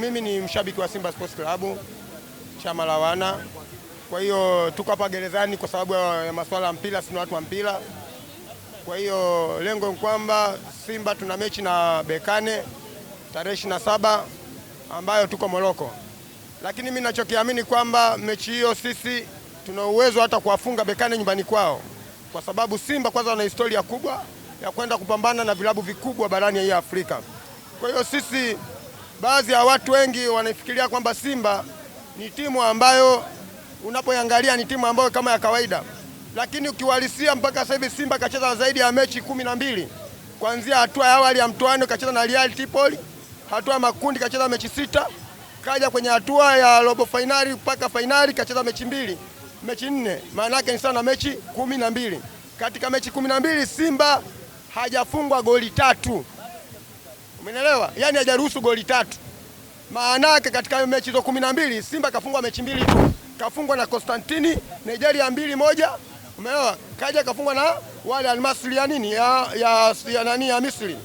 Mimi ni mshabiki wa Simba Sports Club, chama la wana. Kwa hiyo tuko hapa gerezani kwa sababu ya masuala ya mpira, sina watu wa mpira. Kwa hiyo lengo ni kwamba Simba tuna mechi na bekane tarehe ishirini na saba ambayo tuko Moroko, lakini mimi ninachokiamini kwamba mechi hiyo sisi tuna uwezo hata kuwafunga bekane nyumbani kwao, kwa sababu Simba kwanza wana historia kubwa ya kwenda kupambana na vilabu vikubwa barani ya Afrika. Kwa hiyo sisi baadhi ya watu wengi wanaifikiria kwamba Simba ni timu ambayo unapoiangalia ni timu ambayo kama ya kawaida, lakini ukiwalisia mpaka sasa hivi Simba kacheza zaidi ya mechi kumi na mbili kuanzia hatua ya awali ya mtoano kacheza na Real Tripoli, hatua ya makundi kacheza mechi sita, kaja kwenye hatua ya robo fainali mpaka fainali kacheza mechi mbili, mechi nne, maana yake ni sana mechi kumi na mbili. Katika mechi kumi na mbili Simba hajafungwa goli tatu. Umeelewa? Yaani hajaruhusu goli tatu. Maana yake katika hiyo mechi hizo kumi na mbili Simba kafungwa mechi mbili tu. Kafungwa na konstantini Nigeria mbili moja. Umeelewa? Kaja kafungwa na wale Almasri ya nini? Ya ya, ya nani ya Misri.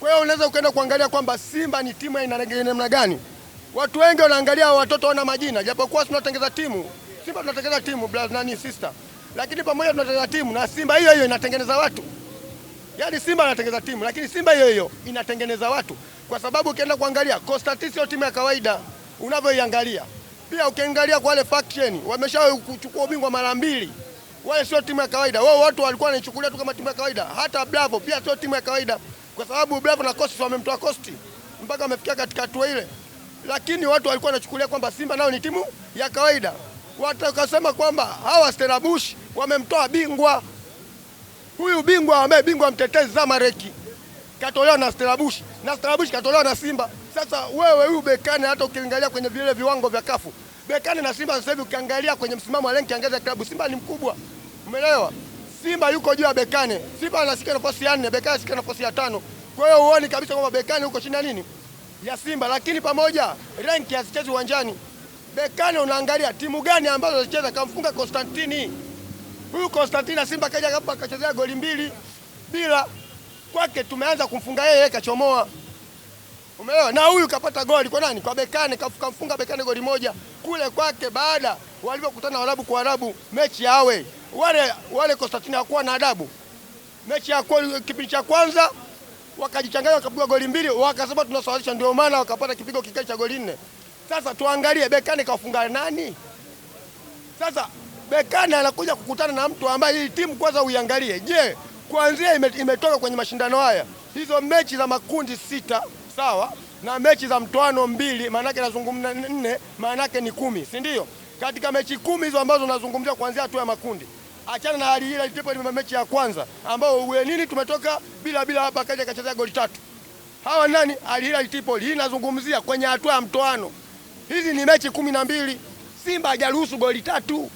Kwa hiyo unaweza ukaenda kuangalia kwamba Simba ni timu ina namna gani. Watu wengi wanaangalia watoto wana majina, japokuwa tunatengeneza timu. Simba tunatengeneza timu brother nani sister. Lakini pamoja tunatengeneza timu na Simba hiyo hiyo inatengeneza watu. Yaani Simba anatengeneza timu, lakini Simba hiyo hiyo inatengeneza watu, kwa sababu ukienda kuangalia Constantine sio timu ya kawaida unavyoiangalia. Pia ukiangalia kwa wale faction wameshawahi kuchukua ubingwa mara mbili, wale sio timu ya kawaida. Wao watu walikuwa wanachukulia tu kama timu ya kawaida. Hata Bravo pia sio timu ya kawaida, kwa sababu Bravo na Coast wamemtoa Coast mpaka wamefikia katika hatua ile, lakini watu walikuwa wanachukulia kwamba Simba nao ni timu ya kawaida. Watakasema kwamba hawa Stella Bush wamemtoa bingwa Huyu bingwa ambaye bingwa mtetezi Zamalek katolewa na Stellenbosch na Stellenbosch katolewa na Simba. Sasa wewe huyu Bekane, hata ukiangalia kwenye vile viwango vya kafu Bekane na Simba sasa hivi ukiangalia kwenye msimamo wa lenki angaza klabu Simba ni mkubwa, umeelewa? Simba yuko juu ya Bekane. Simba anashika nafasi ya nne, Bekane anashika nafasi ya tano. Kwa hiyo huoni kabisa kwamba Bekane yuko chini ya nini ya Simba, lakini pamoja ranki hazichezi uwanjani. Bekane unaangalia timu gani ambazo zicheza, kamfunga Konstantini Huyu Konstantina Simba kaja hapa akachezea goli mbili bila kwake, tumeanza kumfunga yeye kachomoa. umeona, Na huyu kapata goli kwa nani? Kwa Bekane, kamfunga Bekane goli moja kule kwake, baada walivyokutana Waarabu kwa Waarabu mechi yawe wale wale, Konstantina hakuwa na adabu mechi ya kipindi cha kwanza wakajichanganya wakapiga goli mbili, wakasema tunasawazisha, ndio maana wakapata kipigo kikali cha goli nne. Sasa tuangalie Bekane kafunga nani sasa. Bekani anakuja kukutana na mtu ambaye hii timu kwanza uiangalie, je, kuanzia imetoka kwenye mashindano haya hizo mechi za makundi sita sawa na mechi za mtoano mbili, maanake nazungumza nne, maanake ni kumi, si ndio? Katika mechi kumi hizo ambazo nazungumzia kuanzia hatua ya makundi, achana na hali ile ilipo ni mechi ya kwanza ambao nini, tumetoka bila bila, hapa kaja kachezea goli tatu. Hawa nani? Al Tripoli. Hii nazungumzia kwenye hatua ya mtoano. Hizi ni mechi kumi na mbili. Simba hajaruhusu goli tatu.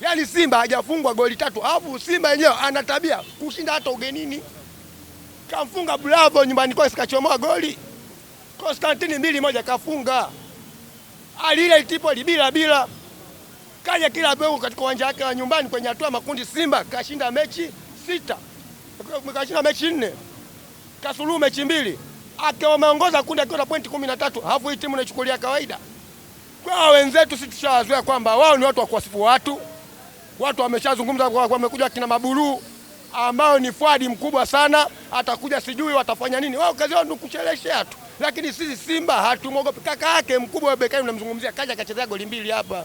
Yaani Simba hajafungwa goli tatu, alafu Simba yenyewe ana tabia kushinda hata ugenini. Kamfunga Bravo nyumbani kwake sikachomoa goli, Konstantini mbili moja kafunga alile Tripoli bila bila, kaja kila beu katika uwanja wake wa nyumbani kwenye hatua makundi. Simba kashinda mechi sita, kashinda mechi nne, kasuluhu mechi mbili, akiwameongoza kundi akiwa na pointi kumi na tatu. Halafu hii timu naichukulia kawaida kwa wenzetu, si tushawazoea kwamba wao ni watu wa kuwasifu watu watu wameshazungumza kwa wamekuja kina Maburu ambayo ni fwadi mkubwa sana, atakuja sijui watafanya nini. Wao kazi yao ni kucheleshea tu, lakini sisi Simba hatumwogopi. Kaka yake mkubwa wa Bekani namzungumzia, kaja akachezea goli mbili hapa.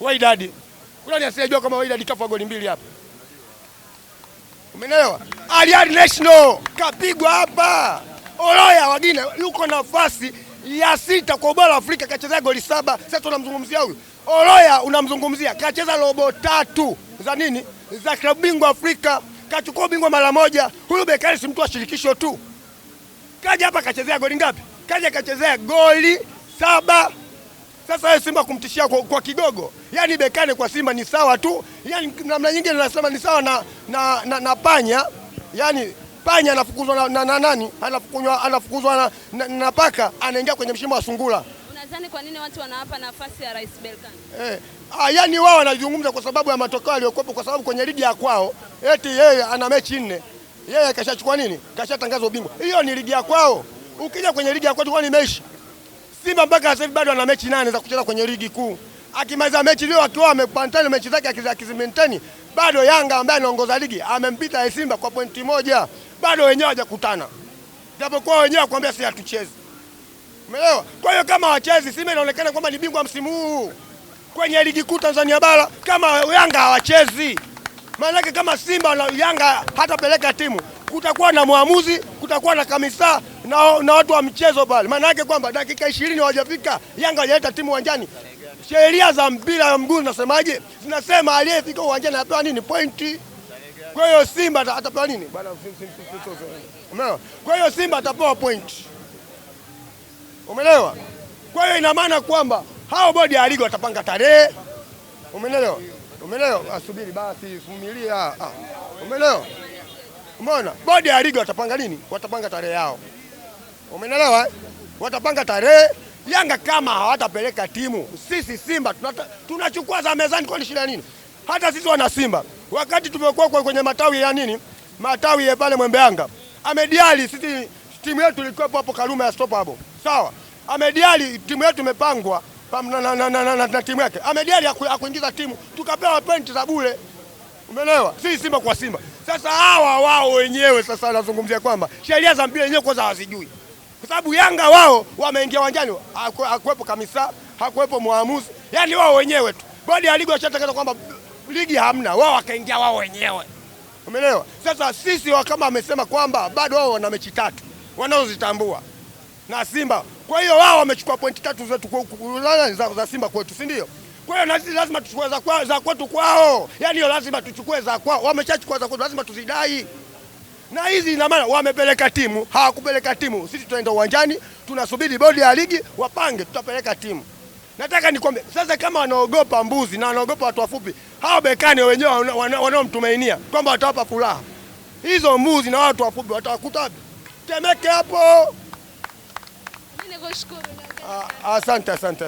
Waidadi kuna asiyejua kama Waidadi kafa goli mbili hapa, umeelewa? Al National kapigwa hapa. Oloya wagine yuko nafasi ya sita kwa ubora wa Afrika kachezea goli saba. Sasa tunamzungumzia huyu Oloya, unamzungumzia kacheza robo tatu za nini za klabu bingwa Afrika, kachukua ubingwa mara moja. Huyu Bekari si mtu wa shirikisho tu, kaja hapa kachezea goli ngapi? Kaja kachezea goli saba. Sasa wewe Simba kumtishia kwa, kwa kigogo yani Bekane kwa Simba ni sawa tu, yani namna nyingine nasema ni sawa na, na, na, na panya yaani panya anafukuzwa na, na, na nani anafukuzwa na, na, na paka anaingia kwenye mshimo wa sungura. Unadhani kwa nini watu wanawapa nafasi ya Rais Berkane? Eh, ah, yani wao wanazungumza kwa sababu ya matokeo aliyokuwepo, kwa sababu kwenye ligi ya kwao eti yeye ana mechi nne, yeye kashachukua nini, kashatangaza ubingwa. Hiyo ni ligi ya kwao. Ukija kwenye ligi ya kwetu ni imeisha? Simba mpaka sasa hivi bado ana mechi nane za kucheza kwenye ligi kuu. Akimaliza mechi leo akiwa amepantai mechi zake akizimenteni, bado Yanga ambaye anaongoza ligi amempita Simba kwa pointi moja bado wenyewe hawajakutana, japokuwa wenyewe wakwambia si hatuchezi. Umeelewa? Kwa hiyo kama wachezi, Simba inaonekana kwamba ni bingwa msimu huu kwenye ligi kuu Tanzania bara, kama Yanga hawachezi. Maana yake kama Simba na Yanga hatapeleka timu, kutakuwa na mwamuzi, kutakuwa na kamisa na, na watu wa mchezo pale. Maana yake kwamba dakika ishirini hawajafika, Yanga hajaleta timu uwanjani. Sheria za mpira wa mguu zinasemaje? Zinasema aliyefika uwanjani anapewa nini? Pointi. Kwa hiyo Simba atapewa nini? Umeelewa? Kwa hiyo Simba atapewa point. Umeelewa? Kwa hiyo ina maana kwamba hao bodi ya ligi watapanga tarehe. Umeelewa? Umeelewa? Asubiri ah, basi, vumilia. Ah, ah. Umeelewa? Umeona? Bodi ya ligi watapanga nini? Watapanga tarehe yao. Umeelewa? Eh? Watapanga tarehe. Yanga kama hawatapeleka timu, sisi Simba tunachukua za mezani, kwani shida nini? hata sisi wana Simba wakati tumekuwa kwenye matawi ya nini, matawi ya pale Mwembeanga, amediali sisi timu yetu ilikuwa hapo Karume ya stop hapo, sawa. Amediali timu yetu imepangwa na timu yake, amediali akuingiza timu tukapewa pointi za bure, umeelewa? Si Simba kwa Simba. Sasa hawa wao wenyewe sasa nazungumzia kwamba sheria za mpira wenyewe kwanza hawazijui, kwa sababu Yanga wao wameingia uwanjani, hakuwepo kamisa, hakuwepo mwamuzi, yani wao wenyewe tu, bodi ya ligi washatangaza kwamba ligi hamna, wao wakaingia wao wenyewe, umeelewa? Sasa sisi kama wamesema kwamba bado wao wana mechi tatu wanazozitambua na Simba, kwa hiyo wao wamechukua pointi tatu zetu za Simba kwetu, si ndio? Kwa hiyo nasi lazima tuchukue za kwa, za kwetu kwao, yani hiyo lazima tuchukue za kwao. Wameshachukua za kwetu, lazima tuzidai. Na hizi ina maana wamepeleka timu, hawakupeleka timu. Sisi tutaenda uwanjani, tunasubiri bodi ya ligi wapange, tutapeleka timu. Nataka nikwambie sasa, kama wanaogopa mbuzi na wanaogopa watu wafupi, hao bekani wenyewe wanaomtumainia kwamba watawapa furaha, hizo mbuzi na watu wafupi watawakuta Temeke hapo. Ah, asante, asante.